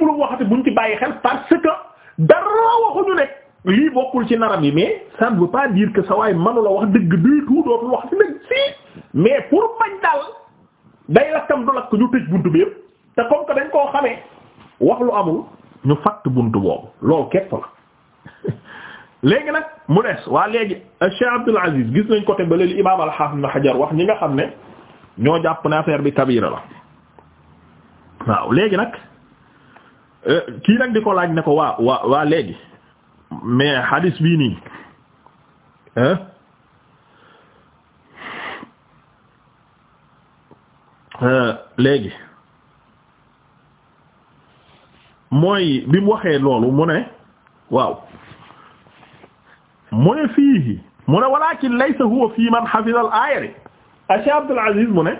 lépp lu waxati buñ ci bàyyi xel parce que dara waxuñu ne lii bokkul ci naram yi mais ça ne veut pas dire que sa waay manu la wax dëgg du tout dootul wax ci dëgg si mais pour mañ daal day lakkam du lakk ñu tëj buntu bi yëpp te comme que dañ koo xamee wax lu amul ñu fatt buntu boobu loolu képp la léegi nag mu des waa léegi Cheikh Abdul Aziz gis nañ côté ba léegi imaam al na Hajar wax ñi nga xam ne ñoo jàpp ne affaire bi kabira la waaw léegi nag Euh, kii nag di ko laaj ne ko waa waa waa léegi mais hadis bii nii euh, léegi mooy bi mu waxee loolu mu ne waaw mu ne fii mu ne walakin laysa huwa fii man hafiza al aaya Cheikh Abdul Aziz mu ne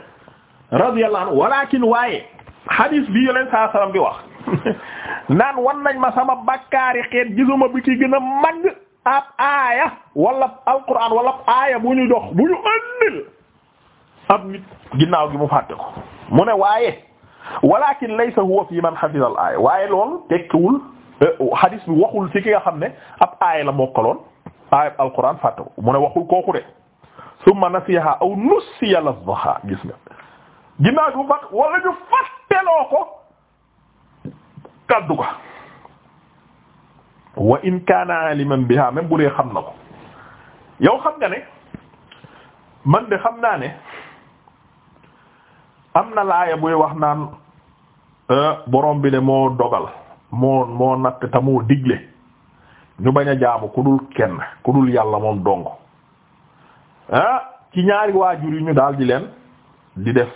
radiyallahu anhu walakin waaye hadis bi yo leen salaam bi wax naan wan nañ ma sama bakkaari xeet gisuma bi ci gën a mag ab aaya wala alquran wala ab aaya bu ñu dox bu ñu andil ab nit ginnaaw gi mu fàtte ko mu ne waaye walakin laysa huwa fi man hafiza al aaya waaye lool tekkiwul hadis eh, bi waxul ci ki nga xam ne ab aaya la mokkaloon aaya alquran fàtte ko mu ne waxul kooku de summa nasiha aw nusiya lafzaha gis nga ginnaaw gi mu fàtte wala ñu fàtteloo ko kaddu ko wa in kaana aliman biha même bu dee xam na ko yow xam nga ne man de xam naa ne am na laaya buy wax naan euh, borom bi de moo dogal moo moo natt te digle ñu bañ a jaamu ku dul kenn ku dul yàlla moom dong ah, ci ñaari waajur yi ñu daal di leen di def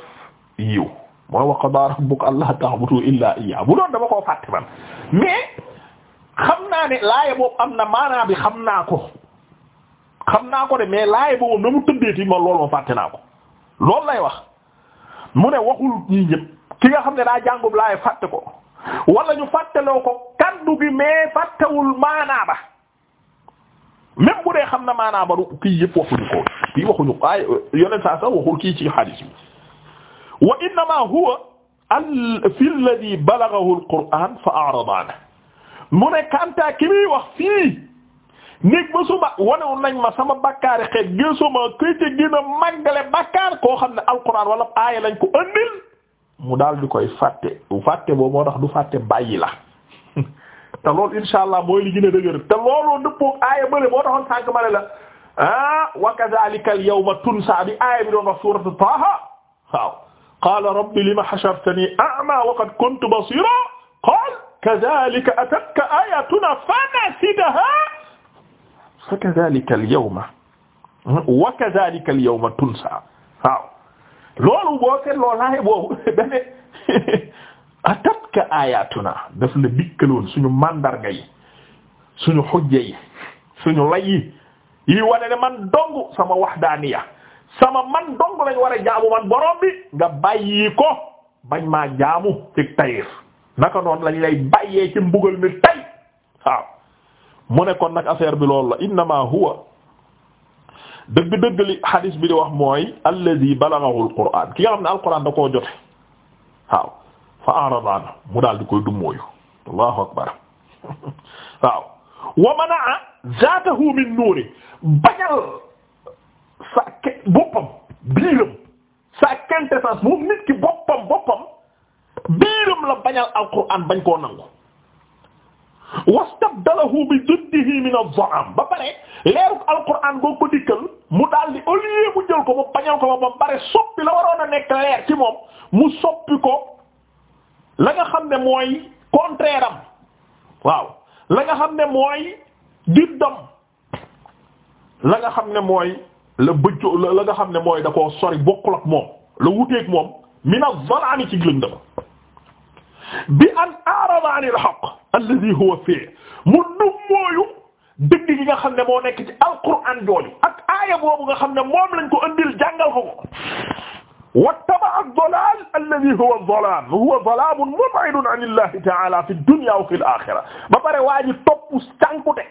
yiw mooy wa qadaa rabbuka allaa ta'budu illaa iyyaa bu doon dama koo fàtte man mais xam naa ne laaya am na maanaa bi xam naa ko xam naa ko de mais laaye boobu na mu tëddeeti ma loolu ma fàtte naa ko loolu lay wax mu ne waxul ñii ñëpp ki nga xam ne daa jàngub laaya fàtte ko walla ñu fàttaloo ko kaddu gi mais fàttewul maanaa ba même bu xam na maanaa ba du kii yëpp waxuñu ko kii waxuñu ay yoneen saa waxul kii ci hadis wa innama huwa fi alladhi balaghahu alquran fa a'rada anhu mu ne kanta ki muy wax fii néeg ba suma wanewu nañ ma sama bakkaari xeet gisuma këy ca gën a màggale bakkaar koo xam ne alquran wala aaya lañ ko andil mu daal di koy fàtte fàtte boobu moo tax du fàtte bàyyi la te loolu insha allah mooy li gën a dëgër te looloo dëppoo aaya bële moo taxoon sànq ma ne la ah wa kadhalika al yawma tunsa bi aaya bi doon wax suuratu taaha waaw qaala rabbi lima hashartanii a'maa wa qad kuntu basiiraa qaala kazaalika atatka aayaatunaa fanasitahaa fakazaalika al-yawma wa kazaalika al-yawma tunsaa waaw loolu boo seetloo laay boobu dane atatka aayaatunaa daf la dikkaloon suñu mandarga yi suñu xujja yi suñu lay yi yi wane ne man dong sama wahdaaniya sama man dong lañ war jaamu man borom bi nga bàyyi ko bañ maa jaamu ci tayir naka noonu lañ lay bàyyee ci mbugal mi tay waaw mu ne kon nag affaire bi loolu la innama huwa dëgg-dëgg li hadis bi di wax mooy alladhi balaghahu alquran ki nga xam ne alquran da koo jote waaw fa aradaan mu daal di koy dummóoyu allahu akbar waaw wa manaa zaatahu min nuuri bañal sa ke- boppam biiram sa quintessence moom nit ki boppam boppam biiram la bañal alquran bañ koo nangu wastabdalahu bi diddihi min az-za'am ba pare leeru alquran boo ko dikkal mu daal di au lieu mu jël ko mu bañal ko ba pare soppi la waroon a nekk leer ci moom mu soppi ko la nga xam ne mooy contraire waaw la nga xam ne mooy diddam la nga xam ne mooy la bëccoo la nga xam ne mooy da koo sori bokkul ak moom la wuteeg moom min az-zalaami ci lëndëm bi an a'rada 'an al-haqq alladhi huwa fihi mu dum mooyu dëgg gi nga xam ne moo nekk ci alquran jooju ak aaya boobu nga xam ne moom lañ ko andil jàngal ko ko wattaba'a ad-dalaal alladhi huwa ad-dalaam huwa dalaamun mub'idun 'an Allahi ta'ala fi ad-dunya wa fi al-akhirah ba pare waa ji topp sànkute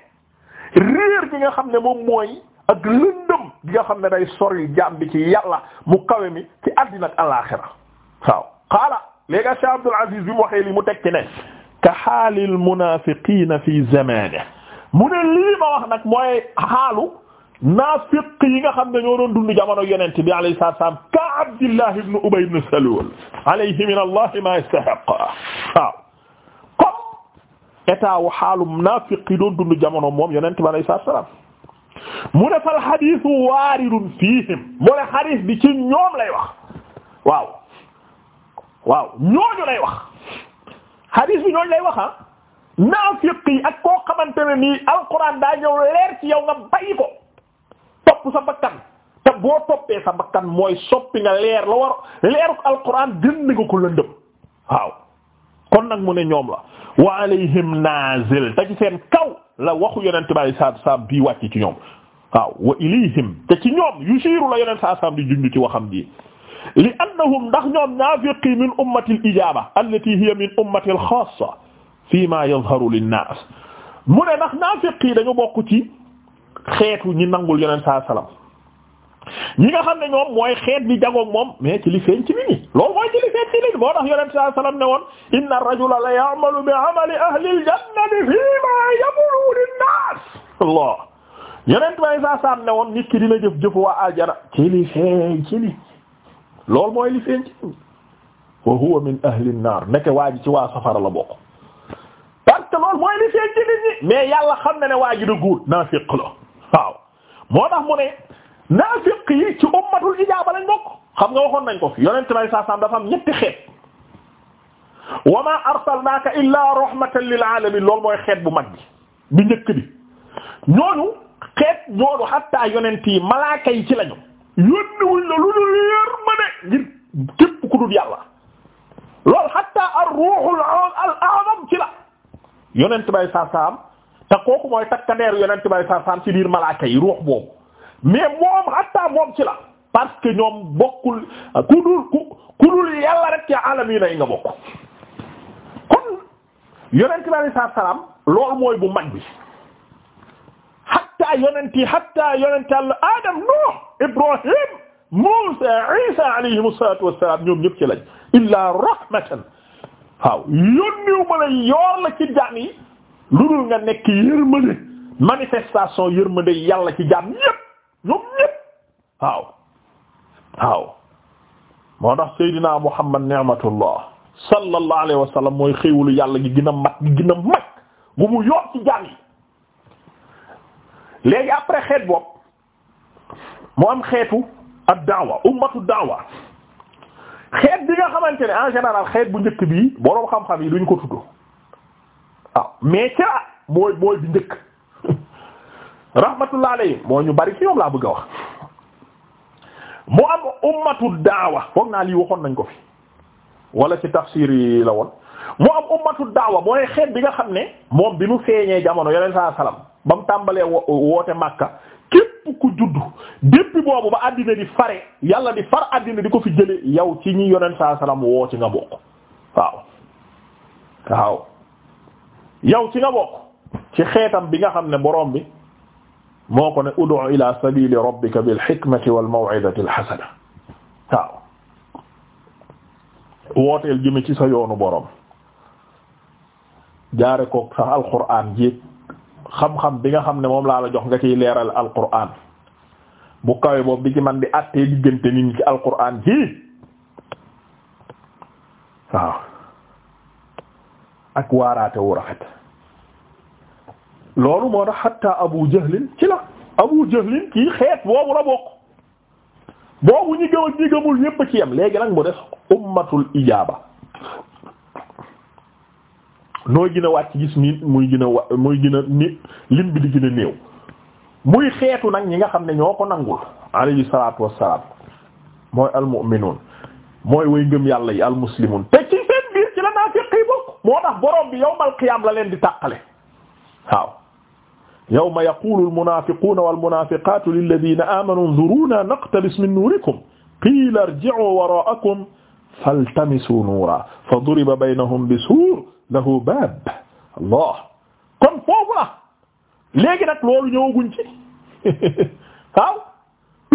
réer gi nga xam ne moom mooy ak lëndëm gi nga xam ne day sori jaam bi ci mu kawe mi ci àddina ak alaaxira waaw qaala léegi Cheikh Aziz bi mu waxee li mu teg ci ne ka xaalil fi zamaanihi mu ne lii ma wax nag mooy xaalu naafiq yi nga xam ne ñoo doon dund jamono yonent bi alayhi salaam ka Abdullah ibn Ubay ibn Salul alayhi min Allah ma yastahiq waaw comme état wu xaalu naafiq yi doon dund jamono moom yonent bi alayhi salaam mu ne fal xadiisu waaridun fiihim mu ne xadiis bi ci ñoom lay wax waaw ñooñu lay wax xadiis bi ñooñu lay wax ah naafiq ak koo xamante ne nii alquran daa ñëw leer ci yow nga bàyyi ko topp sa bakkan te boo toppee sa mooy soppi nga leer la war leeru alquran gën nga ko lëndëm waaw kon nag mu ne ñoom la wa alayhim naazil te ci seen kaw la waxu yonent bàyyi saab saab bii wàcc ci ñoom waaw wa ilayhim te ci ñoom yushiru la yonent saa saab di junj ci waxam bii li annahum ndax ñoom naafiqi min ummati al ijaaba allati hiya min ummati al xaassa fii ma yadharu linnaas mu ne ndax naafiqi dañu bokk ci xeetu ñi nangul yonent saa salaam ñi nga xam ne ñoom mooy xeet bi jagoog moom mais ci li moo tax yonent sallallahu ne woon inna ar-rajula la ya'malu bi 'amali ahli al-jannati fii ma yablu lin-nas Allah yonent may sa sam ne woon nit ki dina jëf jëfu waa aljana ci li feeñ ci nit loolu la bokk yàlla xam na ne waa ji da góor naafiq la moo tax mu ne naafiq yi ci ummatul ijaaba lañ bokk xam nga waxoon nañ ko fi yonent bay saa saam dafa am ñetti xeet wa maa arsalnaaka illaa rahmatan lil aalamiin loolu mooy xeet bu mag bi bi njëkk bi ñooñu xeet ñooñu hatta yonent yi malaaka yi ci lañu yónniwuñ la lu dul yërmande ngir képp ku dul yàlla loolu hatta yonent bay saa saam kooku mooy takkandeer yonent bay saa ci biir malaaka yi ruux boobu mais moom hatta moom ci la parce que ñoom bokkul ku dul ku ku dul yàlla rek ci alam yi nay nga bokk kon yonent bi alei salaatu salaam loolu mooy bu mag bi hatta yonent yi hatta yonent yàlla Adam Nuh Ibrahim Musa Isa alayhimu salaatu wassalaam ñoom ñëpp ci lañ illaa rahmatan waaw yónniw ma la yoor la ci jaam yi lu dul nga nekk yërmande manifestation yërmande yàlla ci jaam yépp ñoom ñépp waaw waaw moo tax Seydina Muhammad ni'matullah sallallahu alayhi wa sallam mooy xéewalu yàlla gi gën a mag gi gën a mag gu mu yor ci jàng yi léegi après xeet bopp mu am xeetu ad daawa ummatu daawa xeet bi nga xamante ne en général xeet bu njëkk bi boroom xam-xam yi duñ ko tudd waaw mais ca mooy mooy bi njëkk rahmatullah alayhi moo ñu bari ci ñoom laa bëgg a wax mu am ummatu daawa foog naa lii waxoon nañ ko fi wala ci tafsir yi la woon mu am ummatu daawa mooy xeet bi nga xam ne moom bi mu feeñee jamono yeneen saa salaam ba mu tàmbalee woote Makka képp ku juddu depuis boobu ba àddina di fare yàlla di far àddina di ko fi jële yow ci ñi yeneen saa salaam woo ci nga bokk waaw waaw yow ci nga bokk ci xeetam bi nga xam ne borom bi. moo ko ne ud'u ila sabili rabbika bil hikmati wal maw'izati al waaw wooteel jëme ci sa yoonu boroom jaare ko sax alqur'an ji xam-xam bi nga xam ne moom laa la jox nga ciy leeral alqur'an bu kawe boobu di ci man di attee diggante nit ñi ci alqur'an ji waaw ak waaraate wu rafet loolu moo tax hatta Abu Jahlin ci la Abu Jahlin kii xeet boobu la bokk boobu ñi gëm ñi gëmul ñépp ci yam léegi nag mu des ummatul ijaaba nooy gën a wàcc gis mi muy gën a wa muy gën a ni lim bi di gën a néew muy xeetu nag ñi nga xam ne ñoo ko nangul alayhi salaatu wassalaam mooy almu'minuun mooy way ngëm yàlla yi almuslimuun te ci seen biir ci la naafiq yi bokk moo tax borom bi yawmal qiyaam la leen di tàqale waaw yawma yaqulu almunafiquna walmunafiqatu lilladina amanu unzuruna naqtabis min nuurikum qiila irji'u wara'akum faltamisu nuura fa duriba baynahum bisuur lahu baab allah kon foofu la léegi nag loolu ñëwaguñ ci waaw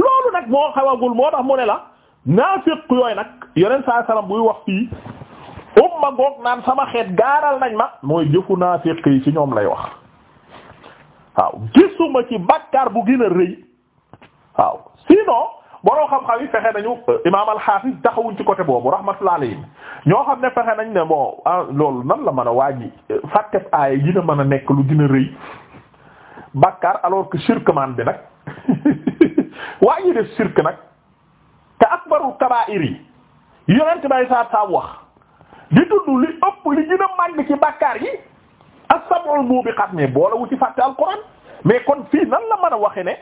loolu nag moo xawagul moo tax mu ne la naafiq yooyu nag yeneen saa salaam buy wax fii umma goog naan sama xeet gaaral nañ ma mooy jëfu naafiq yi ci ñoom lay wax waaw gisuma ci bàkkaar bu gën a rëy waaw sinon boroo xam-xam yi fexe nañu euh, imaam al taxawuñ ci côté boobu rahmatullah alayhim ñoo xam ne fexe nañ ne bon ah loolu nan la mën a waaji euh, fàtte aaya gën mën a nekk lu gën a rëy bàkkaar alors que shirk man bi nag waa ji def shirk nag te akbarul kabaa'ir yi yonent bay saa saa wax di tudd li ëpp li gën màgg ci bàkkaar yi sab'ul mubiqat mais boolewu ci fàtte alquran mais kon fii nan la mën a waxe ne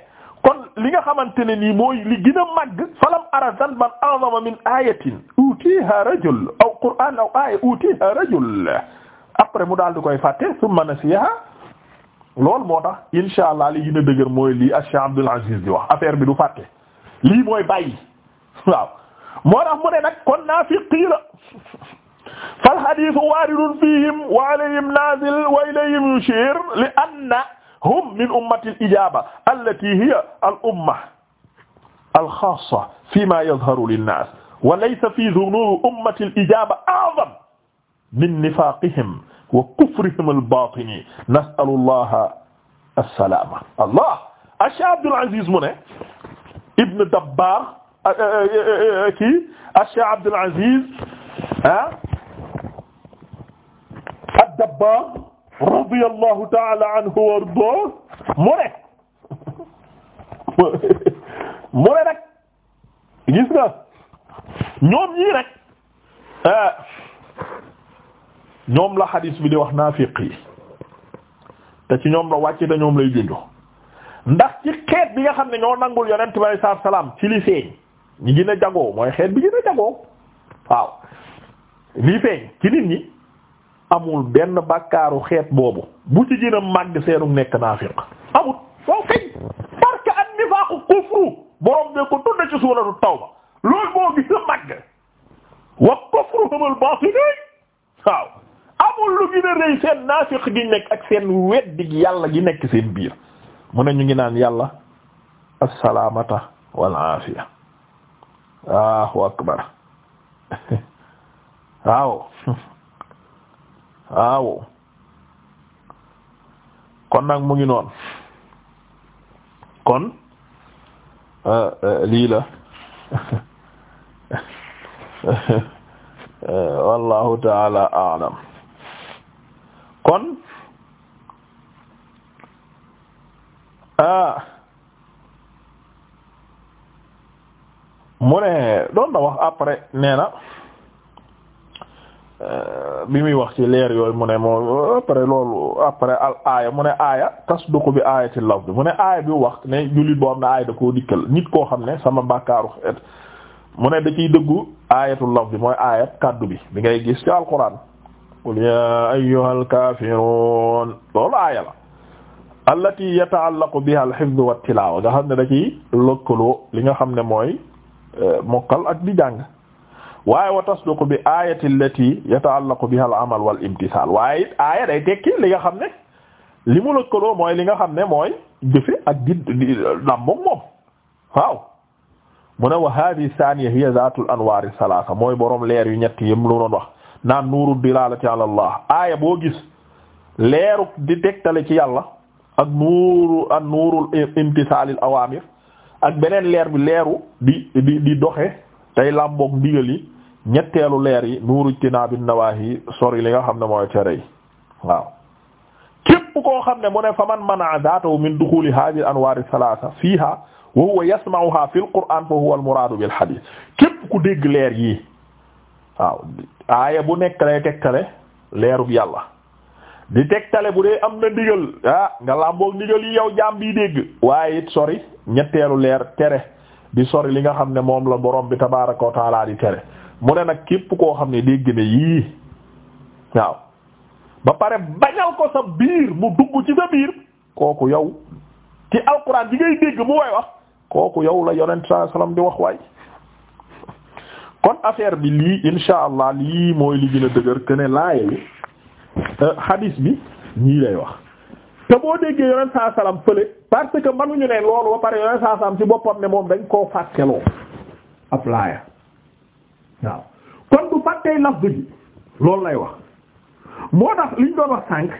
kon li nga xamante ne nii mooy li gën a màgg falam ara zanban a'zama min ayatin utiha rajul aw qur'an aw aya utiha rajul après mu daal di koy fàtte summa nasiha loolu moo tax insha allah li gën a dëgër mooy lii Cheikh Abdul di wax affaire bi du fàtte lii mooy bay waaw moo tax mu ne nag kon naafiqi la fal hadith waaridun fihim wa alayhim nazil wa ilayhim yushir li annahum min ummati al ijaba allati hiya al umma al khassa fima yadhharu lin nas wa laysa fi dhunub ummati al ijaba a'zam min nifaqihim wa kufrihim al batini nas'alu allaha as-salama allah Cheikh Abdul Aziz mu ne Ibn Dabbar kii Cheikh Abdul Aziz ah Abbas radiyallahu ta'ala anhu wa ardaahu mu ne mu ne rek gis nga ñoom ñii rek ah, ñoom la xadis bi di wax naa yi te ci ñoom la wàcc te ñoom lay junjo ndax ci xeet bi nga xam ne ñoo nangul yonent bi alayhi salaatu salaam ci li feeñ ñi gën a jagoo mooy xeet bi gën a jagoo waaw lii feeñ ci nit ñi amul benn bàkkaaru xeet boobu bu ci gën a màgg seenu nekk naafiq amul foo kay parce que an kufru borom de ko tudde ci suuratu tawba loolu boo gën a màgg wa kufruhum al-baatin waaw amul lu gën a rëy seen naafiq gi nekk ak seen weddi yàlla gi nekk seen biir mu na ñu ngi naan yàlla assalaamata wal aafiya waaw waaw kon nag mu ngi noon kon euh, euh, lii la euh, wallahu taala alam kon ah, mu ne doon na wax après nee Euh, bi muy wax ci leer yooyu mu ne moo après loolu après al aaya mu ne aaya tasduqu bi aayati lafz mu ne aaya bi wax ne jullit boo am na aaya da koo dikkal nit koo xam ne sama bàkkaaru xeet mu ne da ciy dëggu aayatu bi mooy aayat kàddu bi bi ngay gis ci alquran qul ya ayyuhal kaafiruun loolu aaya la allati yataallaqu biha al hifz wa tilaawa nga xam ne da ciy lëkkaloo li nga xam ne mooy euh, mokkal ak di jàng waaye wa tasduqu bi ayati allati yataallaqu biha al amal wal imtisal tekki li nga xam ne li mu lëkkaloo mooy li nga xam ne mooy jëfe ak di damboog moom waaw mu ne wa hadi thania hiya zatul anwar salasa mooy borom leer yu ñett yim lu doon wax naan nuuru dilalati ala allah aaya boo gis leeru di tegtale ci yàlla ak nuuru ak nuurul imtisalil awamir ak beneen leer bi leeru di doxe tey làmboog ndigal ñetteelu leer yi nuuru tinaabi nawaahi sori li nga xam ne mooy tere yi waaw képp koo xam ne mu ne fa man mana zaatahu min duxuli hadhihi anwaari salaasa fiiha wa huwa yasma'uha fil qur'aan fa huwa al muraadu bil hadiis képp ku dégg leer yi waaw aaya bu nekk lay tegtale leerub yàlla di tegtale bu dee am na ndigal ah nga làmboog ndigal yi yow jaam bi dégg waaye it sori ñetteelu leer tere di sori li nga xam ne moom la borom bi tabaaraka wa mu ne nag képp koo xam ne dégg ne yii waaw ba pare bañal ko sa biir mu dugg ci sa biir kooku yow ci alquran bi ngay dégg mu way wax kooku yow la yonent sallallahu alayhi di wax waay kon affaire bi lii insha allah lii mooy li gën a dëgër que ne laayewi hadis bi ñii euh, lay wax te boo déggee yonent sallallahu alayhi wasallam fële parce que mënuñu ne loolu ba pare yonent sallallahu alayhi ci boppam ne moom dañ koo fàtteloo ab laaya waaw kon du fàttee lafz ji loolu lay wax moo tax liñ doon wax sànq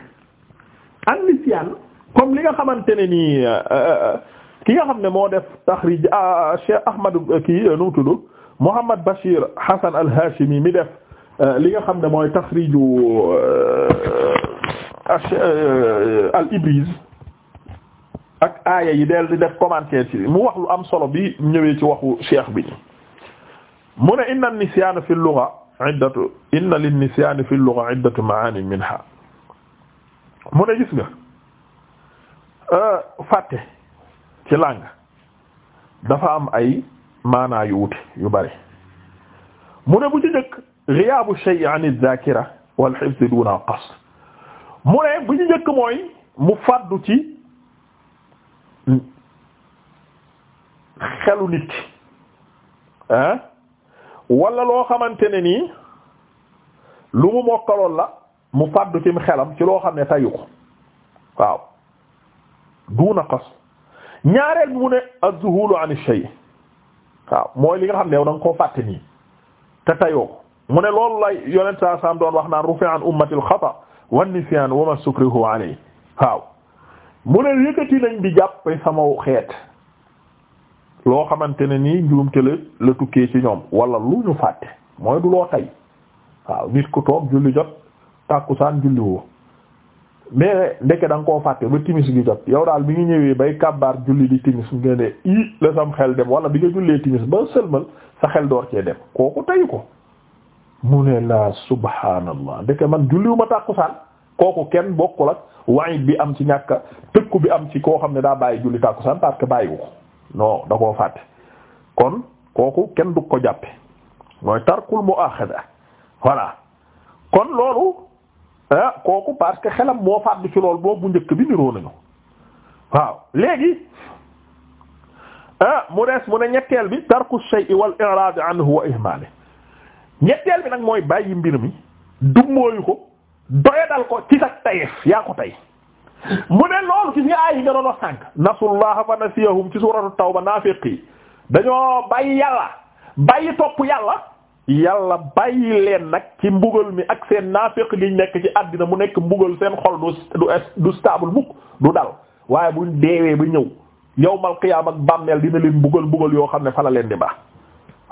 an nisyan comme li nga xamante ne nii euh, euh, euh, ki nga xam ne moo def taxrij ah, ah, Cheikh Ahmad kii nu mu tudd Muhammad Bashir Hasan al-Hashimi mi def li nga xam ne mooy taxriju al-Ibriz ak aaya yi del di def commentaire ci mu wax lu am solo bi ñëwee ci waxu cheikh bi mu ne inna nisyaana fi lugha iddatu inna lin nisyaani fi lugha iddatu maani minha mu ne gis nga euh, fàtte ci làng dafa am ay maanaa yu wute yu bari mu ne bu ci njëkk ghiyaabu shay'i an adh-dhaakira wal hifz duuna qasd mu ne bu ci njëkk mooy mu fàddu ci xelu nit ki ah wala loo xamante ne nii lu mu mokkaloon la mu fàddu cim xelam ci loo xam ne tayu ko waaw duuna qas ñaareel bi mu ne az-zuhulu an ash-shay waaw mooy li nga xam ne yow da nga koo fàtte nii te tayoo ko mu ne loolu lay yonent saa saam doon wax naan rufi an ummati al-xata wa an-nisyan wa ma sukrihu alayhi waaw mu ne yëkkati nañ bi jàppe sama xeet loo xamante ne nii njuumte la la tukkee ci ñoom wala lu ñu fàtte mooy du loo tay waaw nit ku toog julli jot tàkkusaan julli woo mais ndeke da koo fàtte ba timis gi jot yow daal bi nga ñëwee bay kàbbaar julli di timis nga ne i la sam xel dem wala bi nga jullee timis ba sëlmal sa xel door cee dem kooku tayu ko mu ne la subhaanallah ndeke man julliwuma tàkkusaan kooku kenn bokkul ak waayit bi am ci ñàkk tëkku bi am ci koo xam ne daa bàyyi julli tàkkusaan parce non da koo fàtte kon kooku kenn du ko jàppe mooy tarkul mu'akhadha voilà kon loolu ah, kooku parce que xelam moo fàddu ci lool boobu njëkk bi niroo nañu waaw léegi ah mu des mu ne ñetteel bi tarkul shay'i wal i'rad anhu wa ihmale ñetteel bi nag mooy bàyyi mbir mi dummóoyu ko doyadal ko ci sa tayeef yaa ko tay mu ne loolu ci nga aay yi nga doon wax sànq nasullaha fa nasiyahum ci suuratu tawba naafiq yi dañoo bàyyi yàlla bàyyi topp yàlla yàlla bàyyi leen nag ci mbugal mi ak seen naafiq gi nekk ci àddina mu nekk mbugal seen xol du du stable mukk du dal waaye buñ deewee ba ñëw yawmal qiyaam ak bàmmeel dina leen mbugal mbugal yoo xam ne fa la leen di baax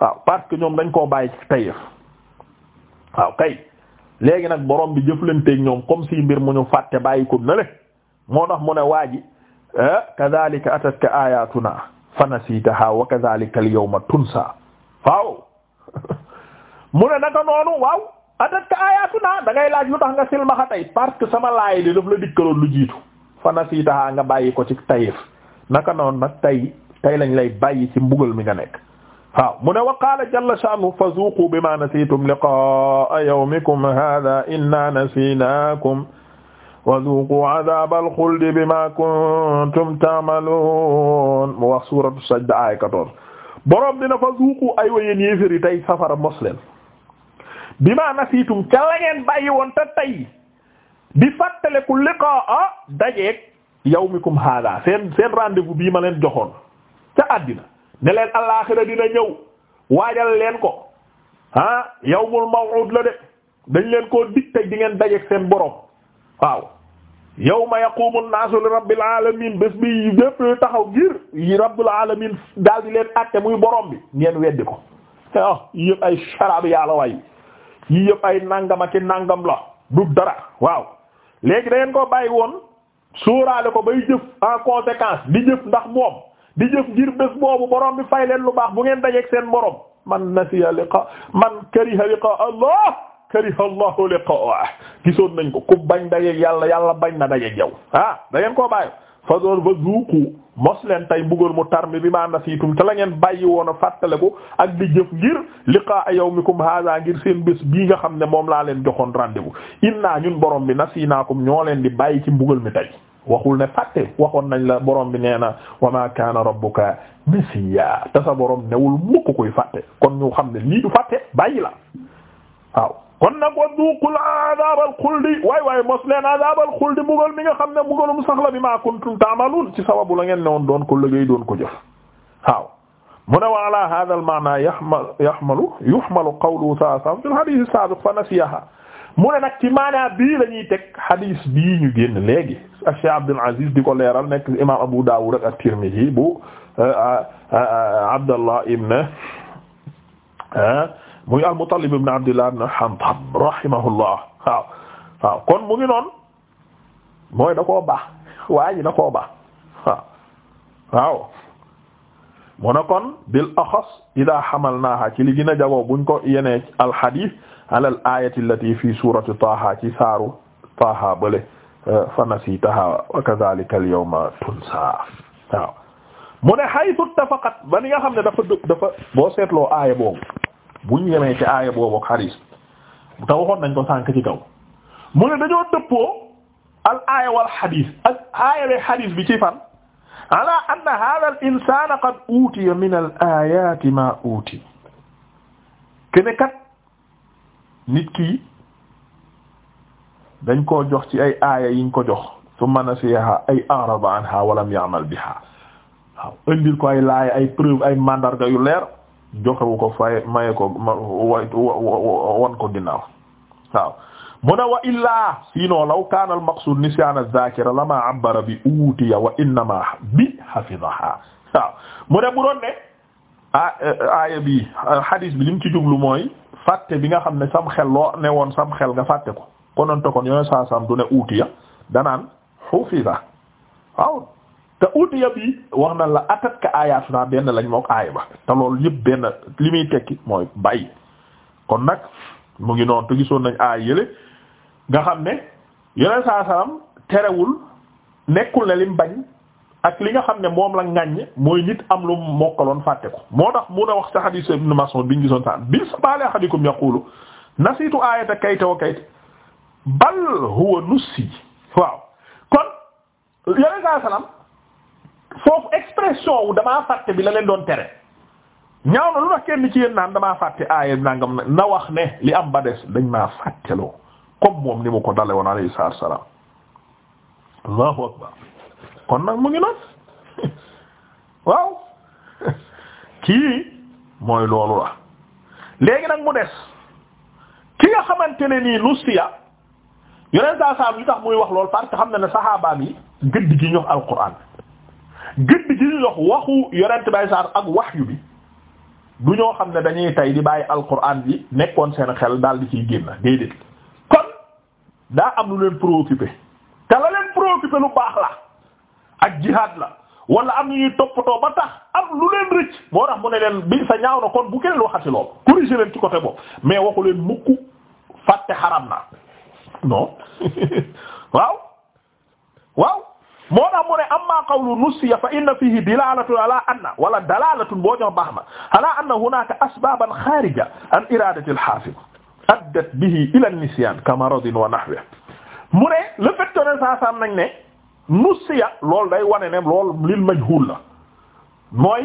waaw parce que ñoom dañ koo bàyyi ci tayef waaw kay léegi nag borom bi jëflanteeg ñoom comme si mbir mu ñu bàyyi ko na moo tax mu ne waa ji eh, kadhalika atatka ayatuna fanasitaha wa kadhalika al yawma tunsa waaw mu ne naka noonu waaw atatka ayatuna da ngay laaj lu tax nga silmaxa tey parce que sama laay li daf la dikkaloon lu jiitu fanasitaha nga bàyyi ko ci tayif naka noonu nag tey tey lañ lay bàyyi ci mbugal mi nga nekk waaw mu ne wa qaala jalla sha'nuhu fa zuqu bima nasitum liqa'a yawmikum hadha inna nasinakum wa dhuqu adhaabal xuldi bimaa kuntum ta'maluun mu wax suuratu sajda aaya 14 borom dina fa dhuqu aywa yéen yéefér safara mos leen bimaa nasiitum ca la ngeen bàyyi woon te tey di fàttaliku liqaa'a dajeeg yawmikum haadaa seen seen rendez bii ma leen joxoon ca àddina ne leen alaaxira dina ñëw waajal leen ko ah yawmul maw'uud la de dañ leen koo dig tey di ngeen dajeeg seen borom. waaw yawma yaqumu naasu li rabbil alamin bés bi bépp yu taxaw ngir yi rabbil alamin daal di leen àtte muy borom bi ngeen weddi ko ah yii yëpp ay sharaab yàlla waay yii yëpp ay nangam ak nangam la du dara waaw léegi da ngeen koo bàyyi woon suuraale ko bay jëf en conséquence di jëf ndax moom di jëf ngir bés boobu borom bi fay leen lu baax bu ngeen dajeek seen borom man nasiya liqa man kariha liqa Allah kariha Allahu liqa'ah gisoon nañ ko ku bañ dajeeg yàlla yàlla bañ na dajeeg yow ah da koo bàyyi fa ba zuuku mos leen tey mbugal mu tar mi bi ma nasiitum te la ngeen bàyyi woon a fàttaliku ak di jëf ngir liqaa yawmikum haaza ngir seen bés bii nga xam ne moom laa leen joxoon rendez-vous inna ñun borom bi nasiinaakum ñoo leen di bàyyi ci mbugal mi tey waxul ne fàtte waxoon nañ la borom bi nee na wa ma kaana rabbuka nasiya te sa borom newul mukk koy kon ñu xam ne lii du fàtte bàyyi kon nag wa duuqul azabal xuldi waay waay mos leen azabal xuldi mbugal mi nga xam ne mbugalum saxla bi ma kuntum taamaluun ci sababu la ngeen ne woon doon ko liggéey doon ko jëf waaw mu ne wa ala hadha al maana yaxmal yaxmalu yuxmalu qawlu saasaam fil hadith as-saabiq mu ne nag ci maanaa bii la ñuy teg hadith bii ñu génn léegi Cheikh Abdul Aziz di ko leeral nekk imam Abu Dawud ak at-Tirmidhi bu eh, eh, eh, Abdallah ibn muy al-Mutallib ibn Abdillah ibn Hantam rahimahullah waaw waaw kon mu ngi noonu mooy da koo baax waa ji da koo baax waaw waaw mu ne kon bil axas ida xamalnaaha ci li gën a jagoo buñ ko yenee alxadis ala al ayati allati fi surati Taha ci saaru Taha bale eh, fa nasitaha wa kadhalika al yawma tunsa waaw mu ne haythu ittafaqat ba ni nga xam ne dafa dafa boo seetloo aaya boobu buñ yemee ci aaya boobu ak xadiis te nañ ko sànk ci kaw mu ne dañoo dëppoo al aaya wal xadiis ak aaya bi bi ci fan ala anna hada al insana qad min al ayati ma uti kene kat nit ki dañ ko jox ci ay aaya yiñ ko jox summa nasiha ay araba anha walam ya'mal biha waaw indil ko ay laaya ay preuve ay mandarga yu leer joxewu ko fay maye ko wan ko ginnaaw waaw mu ne wa illaa sinon law kaana almaqsuud nisyaan az-zaakira lama abbara bi uutiya wa innama bi hafidaha waaw mu ne bu doon ne aaya bi hadis bi li ci jublu mooy fàtte bi nga xam ne sam xel loo ne woon sam xel nga fàtte ko konoon te kon yooyu saa du ne uutiya danaan hufiza waaw te utiya bi wax na la atat ka ayatuna benn lañ mook aay ba te loolu yëpp benn li muy tekki mooy bàyyi kon nag mu ngi noonu te gisoon nañ aay yële nga xam ne yeneen saa salaam terewul nekkul ne lim bañ ak li nga xam ne moom la ŋaññe mooy nit am lu mokkaloon fàtte ko moo tax mun a wax ca xadiis Ibn Mas'ud bi ñu gisoon saan bi sabale ahadikum yaqulu nasitu ayata kayta wa kayta bal huwa nussi waaw kon yeneen saa salaam foofu expression wu damaa fàtte bi la leen doon tere ñaaw na lu tax kenn ci yéen damaa fàtte aaya nangam na wax ne li am ba des dañ maa fàtteloo comme moom ni mu ko dale woon alayhi salaatu salaam allahu akbar kon nag mu ngi noon waaw kii mooy loolu la léegi nag mu des ki nga xamante ne nii lusiya yeneen saa saam li tax muy wax lool parce xam na ne saxaabaam yi gëdd gi ñu wax alquran gëdd ci ñu jox waxu yonent bay saar ak waxyu bi du ñoo xam ne dañuy tay di bàyyi alquran bi nekkoon seen xel daal di ciy génn déedéet kon daa am lu leen préoccupé te la leen préoccupé lu baax la ak jihaad la wala am ñuy toppatoo ba tax am lu leen rëcc moo tax mu ne leen bi sa ñaaw na kon bu keneen waxati lool corrigé leen ci côté boobu mais waxu leen mukk fàtte xaram na waaw waaw moo tax mu ne amma qawlu nusiya fa inna dilalatun ala anna wala dalalatun boo jox baax na ala anna hunaka asbaban xaarija an iradati al-hafiz addat bihi ila an-nisyan ka maradin wa ne ne saa saa nañ ne nusiya day wane ne loolu lil majhul la mooy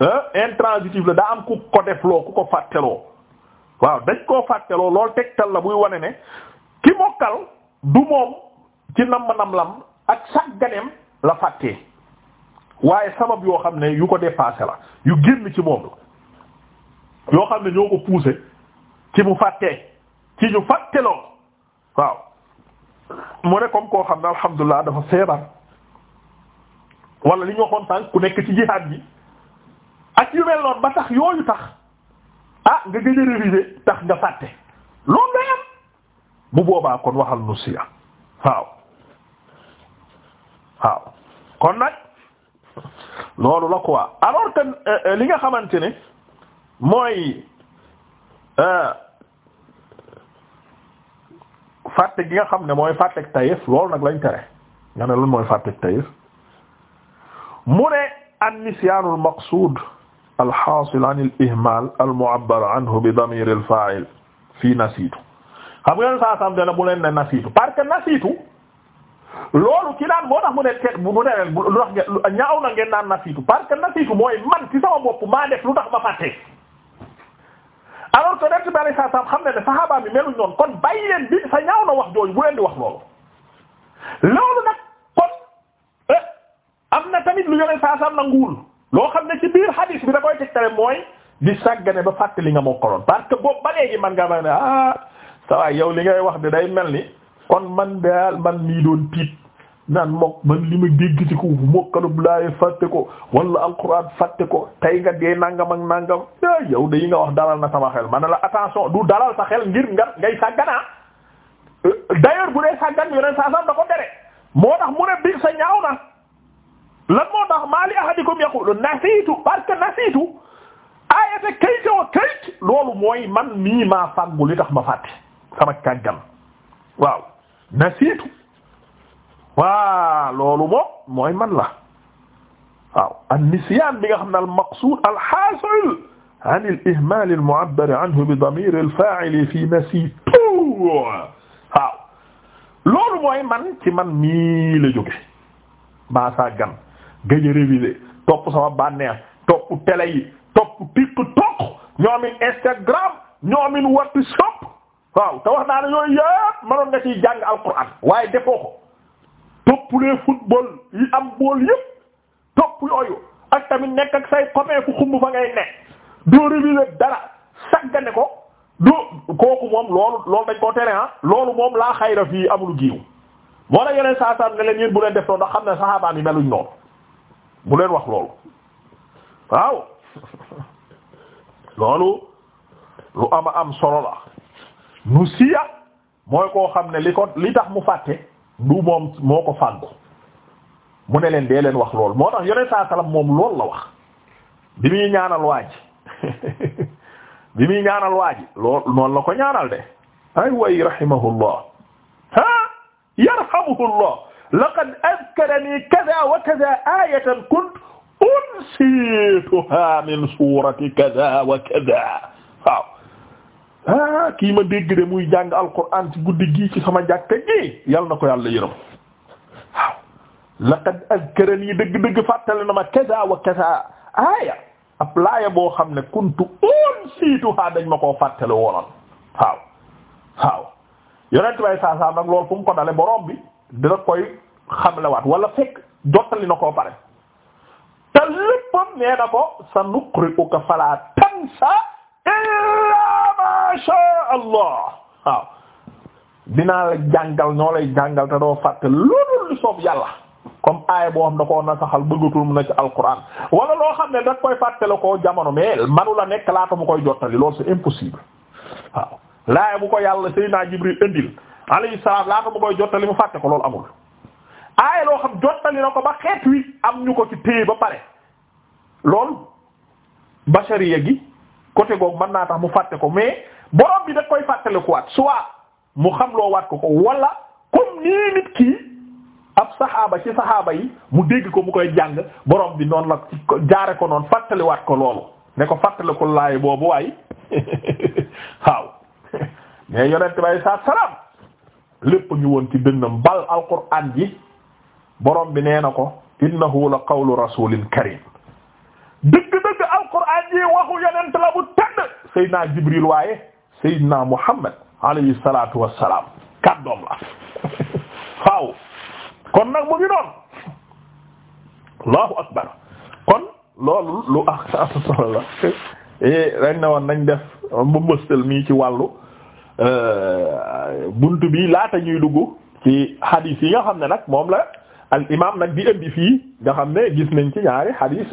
euh, intransitif la daa am ku ko defloo ku ko fàtteloo waaw dañ koo fàtteloo lool tegtal la buy wane ne ki mokkal du moom ci nam nam ak sàgganeem la fàttee waaye sabab yoo xam ne yu ko dépassé la yu génn ci moom la yoo xam ne ñoo ko poussé ci mu fàtte ci ñu fàtteloo waaw mu ne koo xam ne alhamdulilah dafa feebar wala li ñu waxoon sànq ku nekk ci jihaad bi ak yu mel noonu ba tax yooyu tax ah nga gëj a réviser tax nga fàtte loolu day am boobaa kon waxal nu siya waaw kon nag loolu la quoi alors que euh, li nga xamante ne mooy euh, fàtte gi nga xam ne mooy fàttek tayef loolu nag lañ tere nga ne loolu mooy fàttek tayef mu ne an nisyaanu al maqsuud al haasil an al ihmaal al mu'abbar anhu bi damiir al faa'il fii nasiitu xam nga saa sam dana bu leen nasiitu parce nasiitu loolu ci daan moo tax mu ne te bu mu ne bu ndax ngeen ñaaw na ngeen naan nasiitu parce que nasiitu mooy man ci sama bopp maa def lu tax ma fàtte. alors que ren bi saa saam xam ne ne saxaaba mi meluñ noonu kon bàyyi leen bi sa ñaaw na wax jooju bu leen di wax loolu loolu nag kon eh, am na tamit lu yore saa saam nanguwul loo xam ne ci biir hadis bi da koy tegtale mooy di sàggane ba fàtte li nga mokkaloon parce que boobu ba léegi man nga ma ne ah ça yow li ngay wax de day mel ni kon man daal man mii doon tiit naan mokk man li ma dégg ci ko mokkalub laaye fàtte ko wala alquran fàtte ko tey nga dee nangam ak nangam ah yow de yi nga wax dalal na sama xel ma la attention du dalal sa xel ngir nga ngay sàgganaa ah. eh, d'ailleurs bu dee sàggan yoneen saa sam ko tere moo tax mu ne biir sa ñaaw na lan moo tax maa li ahadikum yaqulu nasiitu parce nasiitu ayata kayit wa kayit loolu mooy man mii maa fàggu li tax ma fàtte sama kàggan waaw nasiitu waa loolu moom mooy man la waaw an nisyaan bi nga xam ne al maqsuud al haasil an al ihmaal al mu'abbar anhu bi man ci man mii la jóge maa saa gan gëj a révisé topp sama bànneex topp télé yi topp TikTok ñoomin Instagram ñoomin WhatsApp waaw te wax naa ne yooyu yëpp mënoon nga ciy jàng alquran waaye defoo ko topp les football yi am bool yëpp topp yooyu ak tamit nekk ak say copain fu xumb fa ngay nekk doo réviser dara saggane ko doo kooku moom loolu loolu dañ koo tere ah loolu moom laa xayra fii amulu giiw moo la yeneen saa saa ne leen bu leen def noonu xam ne saxaabaan yi meluñ noonu bu leen wax loolu waaw loolu lu ama am solo la nu siya mooy koo xam ne li ko li tax mu fàtte du moom moo ko fàggu mu ne leen dee leen wax lool moo tax yonent saa salaam moom lool la wax bi muy ñaanal waaj bi muy ñaanal waaj lool noonu la ko ñaanal de ay way rahimahullah ha yarhamuhullah laqad azkarani kaza wa kaza ayatan kuntu unsituha min surati kaza wa kaza waaw ah kii ma dégg de muy jàng al alquran ci guddi gii ci sama jàkka ji yal na ko yàlla yërëm waaw laqad azkarani dëgg-dëgg fàttale na ma kaza wa kaza aaya ab laaya boo xam ne kuntu unsituha dañ ma koo fàttale woonal waaw waaw yonent bay saa saa nag loolu fu mu ko dale borom bi dina koy xamlewaat wala fekk jottali na koo pare te léppam nee na ko sanuqri'uka fala tansa maasha allah waaw dinaa la jàngal ñoo lay jàngal te doo fàtte loolu lu soob yàlla comme aaya boo xam da koo nasaxal mu na ci alquran wala loo xam ne da koy fàtte la ko jamono mais manu la nekk laata mu koy jottali loolu c'est impossible waaw laaya bu ko yàlla Seydina Jibril indil alayhi salaam laata mu koy jottali mu fàtte ko loolu amul aaya loo xam jottali na ko ba xeet wi am ñu ko ci téye ba pare loolu bashariya gi côté googu mën naa tax mu fàtte ko mais borom bi da koy fàttalikuwaat soit mu xam loo waat ko ko wala comme nii nit kii ab saxaaba ci saxaaba yi mu dégg ko mu koy jàng borom bi noon la jaare ko noon fàttaliwaat ko loolu ne ko fàttaliku laay boobu waay waaw mais yonent bay saa salaam lépp ngi woon ci dënnam bal alquran ji borom bi nee na ko innahu la qawlu rasulin karim dëgg-dëgg alquran ji waxu yonent la bu tedd Seydina Jibril waaye Seydina Muhammad alayhi salaatu wa salaam kàddoom la waaw kon nag mu ngi doon Allahu akbar kon loolu lu ak solo la dañ eh, ne woon nañ def mbëmbëstal mii ci wàllu eh, bunt bi laata ñuy dugg ci hadith yi nga xam ne nag moom la al imaam nag di indi fii nga xam ne gis nañ ci ñaari hadith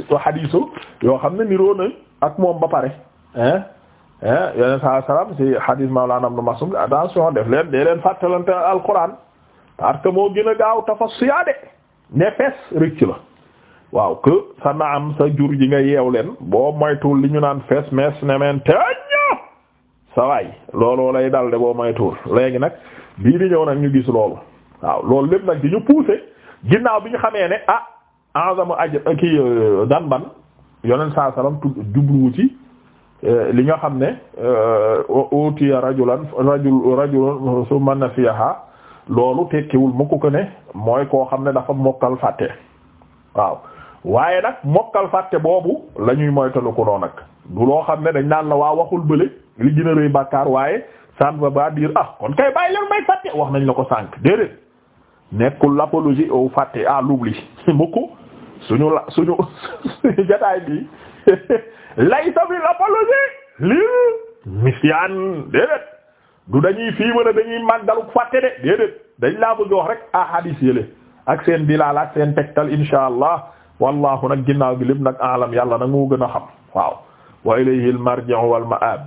yoo xam ne niroo ak moom ba pare. yeneen sa salaam si hadith Mawlana Ibn Mas'ud attention def leen de leen fàttalante alquran parce que moo gën a gaaw tafasiyaa de ne fees rëcc la waaw que sa naam sa jur ji nga yeew leen boo moytuwul li ñu naan fees mees ne meen teeñ sa waay looloo lay dal de boo moytuwul léegi nag bii di ñëw nag ñu gis loolu waaw loolu lépp nag di ñu pousser ginnaaw bi ñu xamee ne ah enzamu aj ki euh, danban yoneen saa salaam tudd Euh, li nga xam ne euh, utiya rajulan rajul man summa nasiyaha loolu tekkiwul mukk ko ne mooy koo xam ne dafa mokkal fàtte waaw waaye nag mokkal fàtte boobu la ñuy moytalu ko noonu nag du loo xam ne dañ naan la waa waxul bële li gën a rëy bàkkaar waaye ça ne va ah kon kay bàyyi leen may fàtte wax nañ la ko sànq déedéet nekkul l'apologie au fàtte à l'oubli mukk suñu la suñu jataay bi lay safi l'apologie lii misiyaan déedéet du dañuy fii mën dañuy màggaluk fàtte de déedéet dañ laa bëgg wax rek a hadis yële ak seen bilaal ak seen tegtal insha allah wallahu nag ginnaaw gi lépp nag alam yàlla nag moo gën a xam waaw wa ilayhi al-marji'u wal ma'ab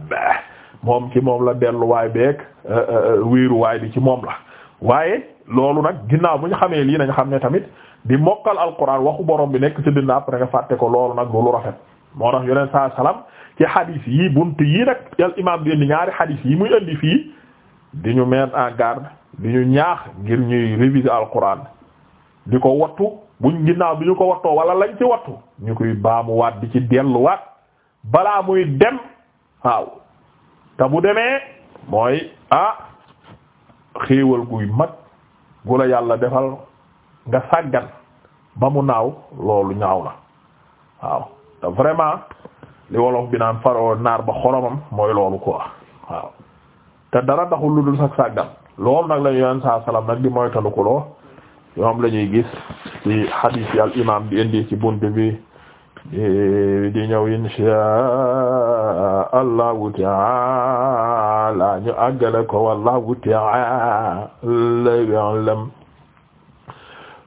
moom ci moom la delluwaay beeg euh, euh, euh, wéeruwaay bi ci moom la waaye loolu nag ginnaaw bu ñu xamee lii nañ xam ne tamit di mokkal alquran waxu borom bi nekk ci dina après nga fàtte ko loolu nag loolu rafet moo tax yoneen saa salaam ci hadith yi bunt yii nag al imaam di indi ñaari hadith yi muy indi fii di ñu mettre en garde di ñu ñaax ngir ñuy réviser alquran di ko wattu buñ ginnaaw bi ñu ko wattoo wala lañ ci wattu ñu koy baamuwaat di ci delluwaat balaa muy dem waaw te bu demee mooy ah xéewal guy mag gu la yàlla defal nga sàggan ba mu naaw loolu ñaaw na waaw vraiment li wolof bi naan faroo naar ba xoromam mooy loolu quoi waaw te dara taxul lu dul sax sàggan loolu nag la ñu yoneen saa salaam nag di mooy talukuloo yoom la ñuy gis ci hadis yi al imam di indi ci bunt bi di ñëw insha allahu taala ñu àggale ko wallahu taala a'lam